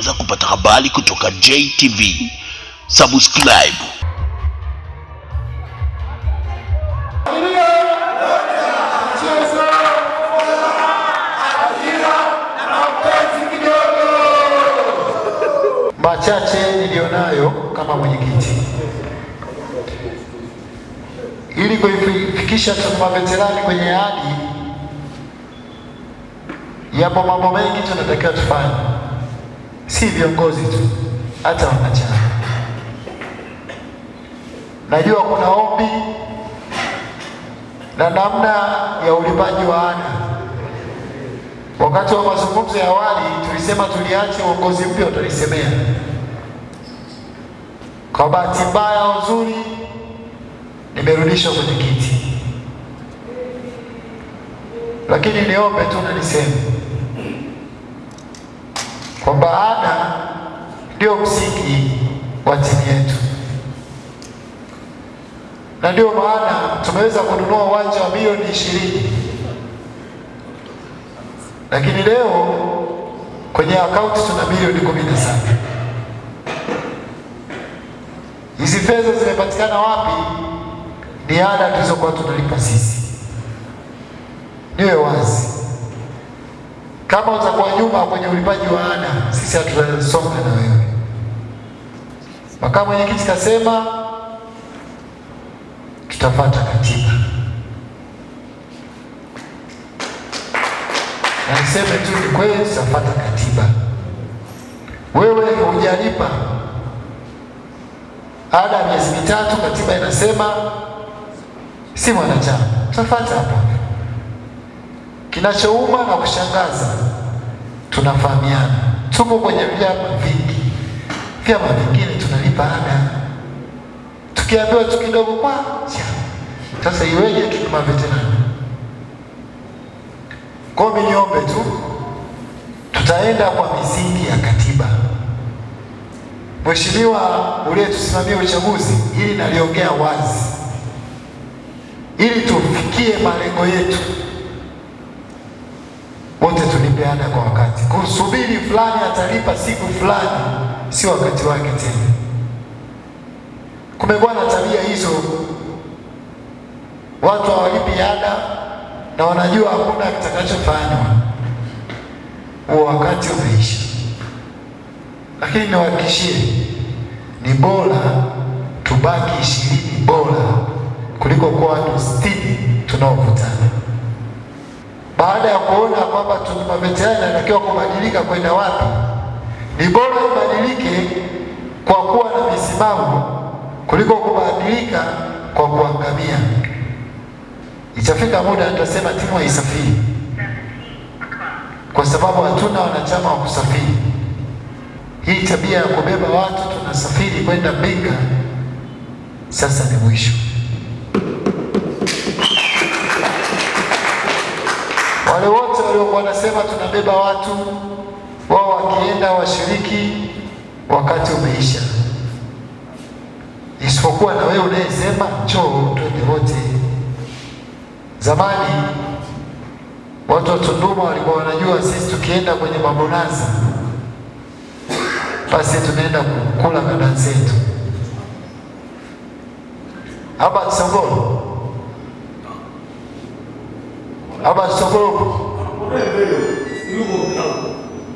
za kupata habari kutoka JTV. Subscribe. Machache niliyonayo kama mwenyekiti ili kuifikisha veterani kwenye hadi, yapo mambo mengi tunatakiwa tufanye si viongozi tu, hata wanachama. Najua kuna ombi na namna ya ulipaji wa ada. Wakati wa mazungumzo ya awali tulisema tuliache uongozi mpya utalisemea. Kwa bahati mbaya nzuri, nimerudishwa kwenye kiti, lakini niombe tu na niseme ndio msingi wa timu yetu, na ndio maana tumeweza kununua uwanja wa milioni ishirini, lakini leo kwenye akaunti tuna milioni kumi na saba. Hizi fedha zimepatikana wapi? Ni ada tulizokuwa tunalipa sisi. Niwe wazi, kama utakuwa nyuma kwenye ulipaji wa ada, sisi hatutasonga na wewe. Makamu mwenyekiti kasema tutafuata katiba. Na niseme tu ni kweli, tutafuata katiba. Wewe hujalipa ada ya miezi mitatu, katiba inasema si mwanachama. Tutafuata hapa. Kinachouma na kushangaza, tunafahamiana, tupo kwenye vyama vingi vyama vingine tunalipa ada, tukiambiwa tu kidogo kwa sasa, iweje tuna veterani? Kwa hiyo tu, tutaenda kwa misingi ya katiba. Mheshimiwa uliyetusimamia uchaguzi, ili naliongea wazi, ili tufikie malengo yetu kulipeana kwa wakati, kusubiri fulani atalipa siku fulani, sio wakati wake tena. Kumekuwa na tabia hizo, watu hawalipi ada na wanajua hakuna kitakachofanywa, huo wakati umeisha. Lakini niwahakikishie ni bora tubaki ishirini bora kuliko kuwa watu sitini tunaovuta baada ya kuona kwamba maveterani anatakiwa kubadilika kwenda wapi, ni bora ibadilike kwa kuwa na misimamo kuliko kubadilika kwa kuangamia. Itafika muda tutasema timu haisafiri, kwa sababu hatuna wanachama wa kusafiri. Hii tabia ya kubeba watu tunasafiri kwenda Mbinga sasa ni mwisho. Wale wote waliokuwa wanasema tunabeba watu wao, wakienda washiriki, wakati umeisha, isipokuwa na wewe unayesema njoo, twende wote. Zamani watu wa Tunduma walikuwa wanajua sisi tukienda kwenye mabonanza basi tunaenda kukula kada zetu hapa Kisongoro Aba Songolo,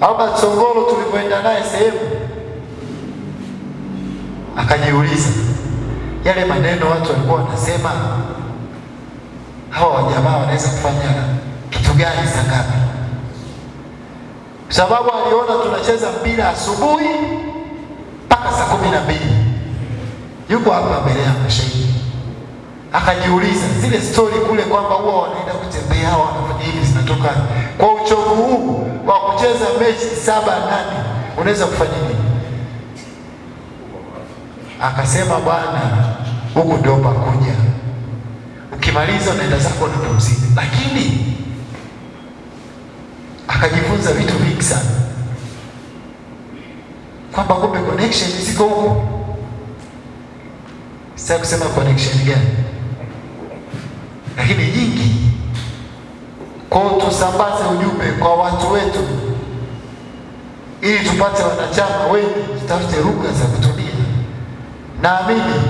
Aba Songolo tulipoenda naye sehemu, akajiuliza yale maneno watu walikuwa wanasema, hawa wajamaa wanaweza kufanya kitu gani saa ngapi? Sababu aliona tunacheza mpira asubuhi mpaka saa kumi na mbili. Yuko hapa mbele ya mashahidi, akajiuliza zile stori kule kwamba huwa wanaenda wasanii hawa wanafanya hivi zinatoka. Kwa uchovu huu wa kucheza mechi saba nane, unaweza kufanya nini? Akasema bwana, huku ndio pakuja, ukimaliza unaenda zako unapumzika. Lakini akajifunza vitu vingi sana, kwamba kumbe connection ziko huko. Sasa kusema connection gani, lakini nyingi kwa tusambaze ujumbe kwa watu wetu, ili tupate wanachama wengi, tutafute lugha za kutumia. Naamini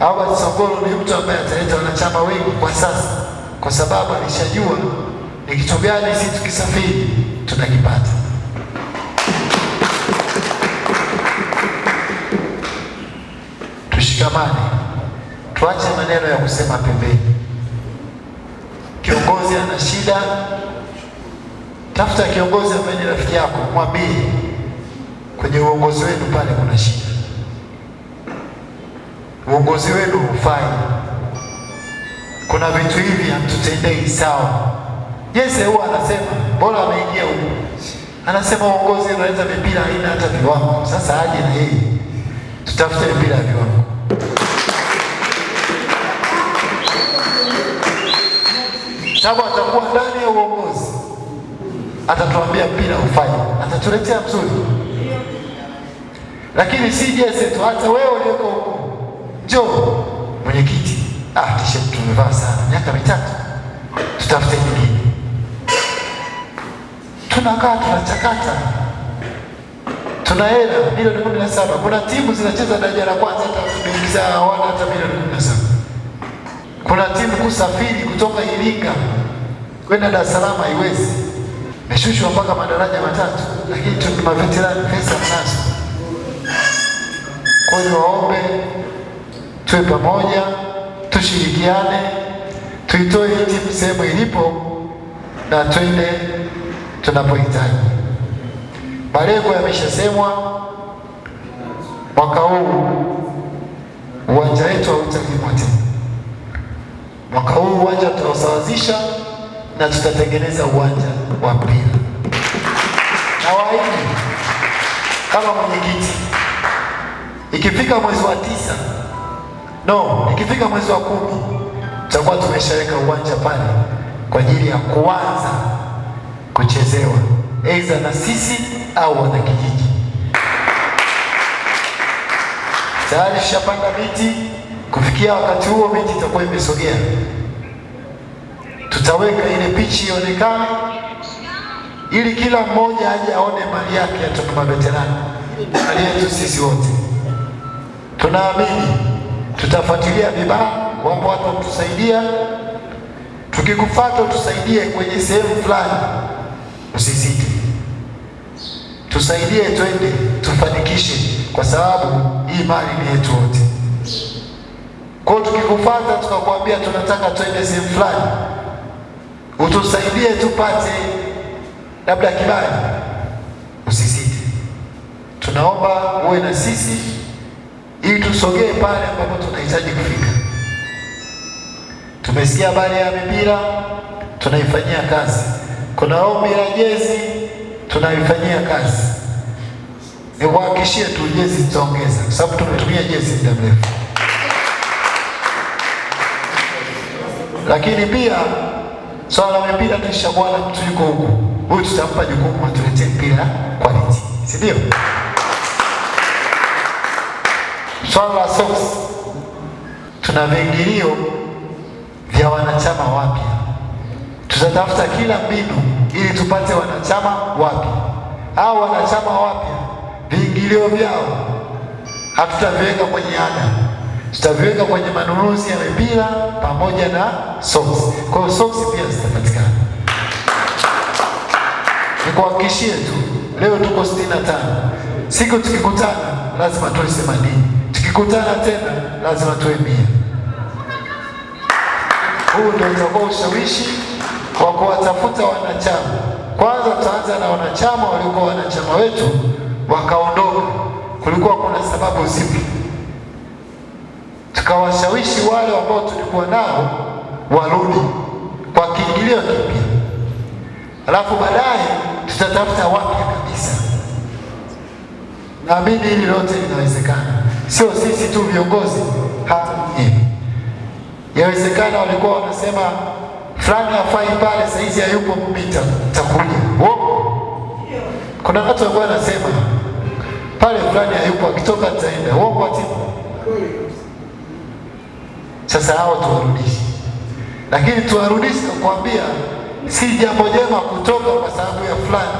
Albert Songolo ni mtu ambaye ataleta wanachama wengi kwa sasa, kwa sababu alishajua ni kitu gani sisi tukisafiri tunakipata. Tushikamane, tuache maneno ya kusema pembeni kiongozi ana shida, tafuta kiongozi ambaye ni rafiki yako, mwambie kwenye uongozi wenu pale kuna shida, uongozi wenu hufai, kuna vitu hivi hamtutendei sawa. Yese huwa anasema bora ameingia huko, anasema uongozi unaweza mipira haina hata viwango. Sasa aje na yeye tutafute mipira ya viwango atatuambia bila ufanye, atatuletea mzuri, lakini si jezi tu, hata wewe ulioko huku njoo mwenyekiti, ah, t tumevaa sana miaka mitatu, tutafute nyingine. Tunakaa tunachakata, tuna hela milioni kumi na saba. Kuna timu zinacheza daraja la kwanza hata milioni zao hawana hata milioni kumi na saba. Kuna timu kusafiri kutoka Iringa kwenda Dar es Salaam haiwezi meshushwa mpaka madaraja matatu, lakini maveterani pesa mnazo. Kwa hiyo waombe tuwe pamoja, tushirikiane, tuitoe hii timu sehemu ilipo na twende tunapohitaji. Malengo yameshasemwa mwaka huu uwanja wetu hautalimwa tena. Mwaka huu uwanja tunaosawazisha na tutatengeneza uwanja wa mpira na Kama mwenyekiti, ikifika mwezi wa tisa, no, ikifika mwezi wa kumi, tutakuwa tumeshaweka uwanja pale kwa ajili ya kuanza kuchezewa, aidha na sisi au wanakijiji. Tayari shapanda miti, kufikia wakati huo miti itakuwa imesogea tutaweka ile pichi ionekane, ili kila mmoja aje aone mali yake ya tuna Veterani, Mali yetu sisi wote tunaamini, tutafuatilia vibaa kwamba watu watusaidia, tukikufata tusaidie kwenye sehemu fulani, usisite, tusaidie, twende tufanikishe, kwa sababu hii mali ni yetu wote. Kwa hiyo tukikufuata tukakwambia tunataka twende sehemu fulani utusaidie tupate labda kibali. Usisite, tunaomba uwe na sisi ili tusogee pale ambapo tunahitaji kufika. Tumesikia habari ya mipira, tunaifanyia kazi. Kuna ombi la jezi, tunaifanyia kazi. Nikuhakikishie tu jezi tutaongeza, kwa sababu tumetumia jezi muda mrefu, lakini pia swala so, la mpira kisha bwana mtu yuko huku, huyu tutampa jukumu atuletee mpira quality, si ndio? Swala so, la socks tuna viingilio vya wanachama wapya, tutatafuta kila mbinu ili tupate wanachama wapya. Au wanachama wapya viingilio vyao hatutaviweka kwenye ada tutaviweka kwenye manunuzi ya mipira pamoja na socks. Kwa hiyo socks pia zitapatikana. Nikuhakikishie tu leo tuko 65. tano. Siku tukikutana lazima tuwe themanini, tukikutana tena lazima tuwe mia. Huu ndio utakuwa ushawishi wa kuwatafuta wanachama. Kwanza tutaanza na wanachama waliokuwa wanachama wetu wakaondoka, kulikuwa kuna sababu zipi? tukawashawishi wale ambao tulikuwa nao warudi kwa kiingilio kipi, alafu baadaye tutatafuta wapya kabisa. Naamini hili lote linawezekana, sio sisi tu viongozi, hata mwenyewe yawezekana. Walikuwa wanasema fulani hafai pale, saa hayupo, mpita nitakuja. Kuna watu walikuwa wanasema pale fulani hayupo, akitoka nitaenda. Uongo timu sasa hao tuwarudishe, lakini tuwarudishe kuambia si jambo jema kutoka kwa sababu ya fulani,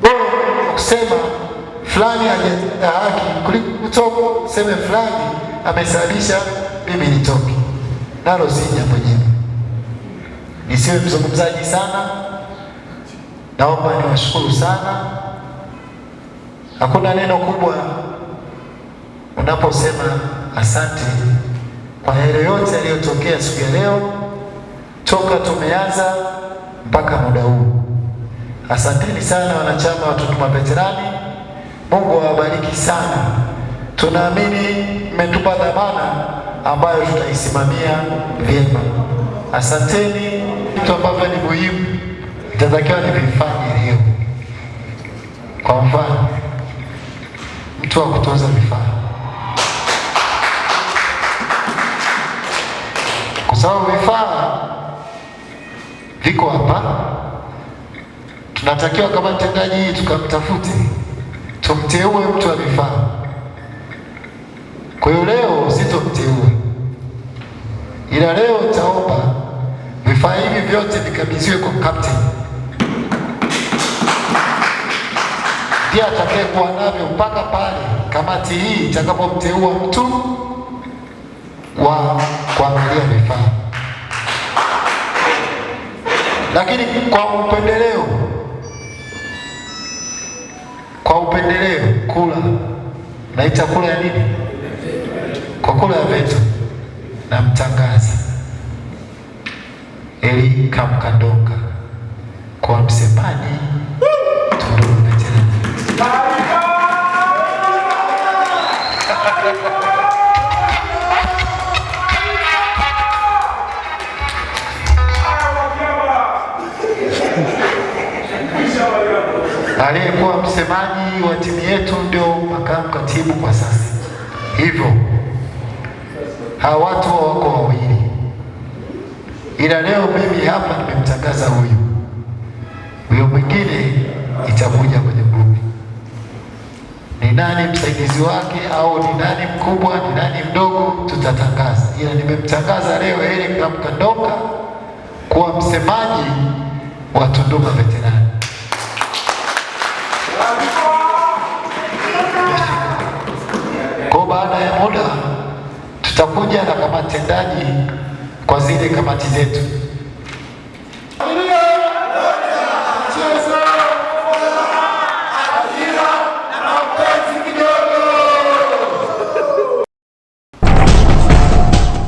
bora kusema fulani hajatenda haki kuliko kutoka useme fulani amesababisha mimi nitoke, nalo si jambo jema. Nisiwe mzungumzaji sana, naomba niwashukuru sana. Hakuna neno kubwa unaposema asante. Kwa yale yote yaliyotokea siku ya leo, toka tumeanza mpaka muda huu, asanteni sana wanachama wa TUTU Veterani, Mungu awabariki sana. Tunaamini mmetupa dhamana ambayo tutaisimamia vyema. Asanteni. Vitu ambavyo ni muhimu nitatakiwa nivifanye leo, kwa mfano mtu wa kutunza vifaa sababu vifaa viko hapa. Tunatakiwa kama mtendaji hii tukamtafute, tumteue mtu wa vifaa. Kwa hiyo leo usitomteue ila leo taomba vifaa hivi vyote vikabidhiwe kwa kapteni, ndiye atakayekuwa navyo mpaka pale kamati hii itakapomteua mtu wa kuangalia vifaa. Lakini kwa upendeleo, kwa upendeleo kula naita kula ya nini? Kwa kula ya vetu, namtangaza Eli Kamkandonga kwa msemaji aliyekuwa msemaji wa timu yetu ndio makamu katibu kwa sasa. Hivyo hawa watu wako wawili, ila leo mimi hapa nimemtangaza huyu, huyo mwingine itakuja kwenye grupi. Ni nani msaidizi wake au ni nani mkubwa, ni nani mdogo, tutatangaza, ila nimemtangaza leo Eric Kamkandoka kuwa msemaji wa Tunduma Veterani. watendaji kwa zile kamati zetu.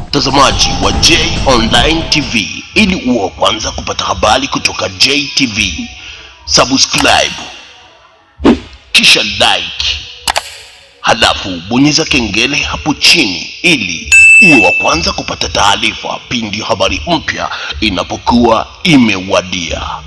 Mtazamaji wa J Online TV, ili uwe kwanza kupata habari kutoka JTV, subscribe kisha like, halafu bonyeza kengele hapo chini ili uwe wa kwanza kupata taarifa pindi habari mpya inapokuwa imewadia.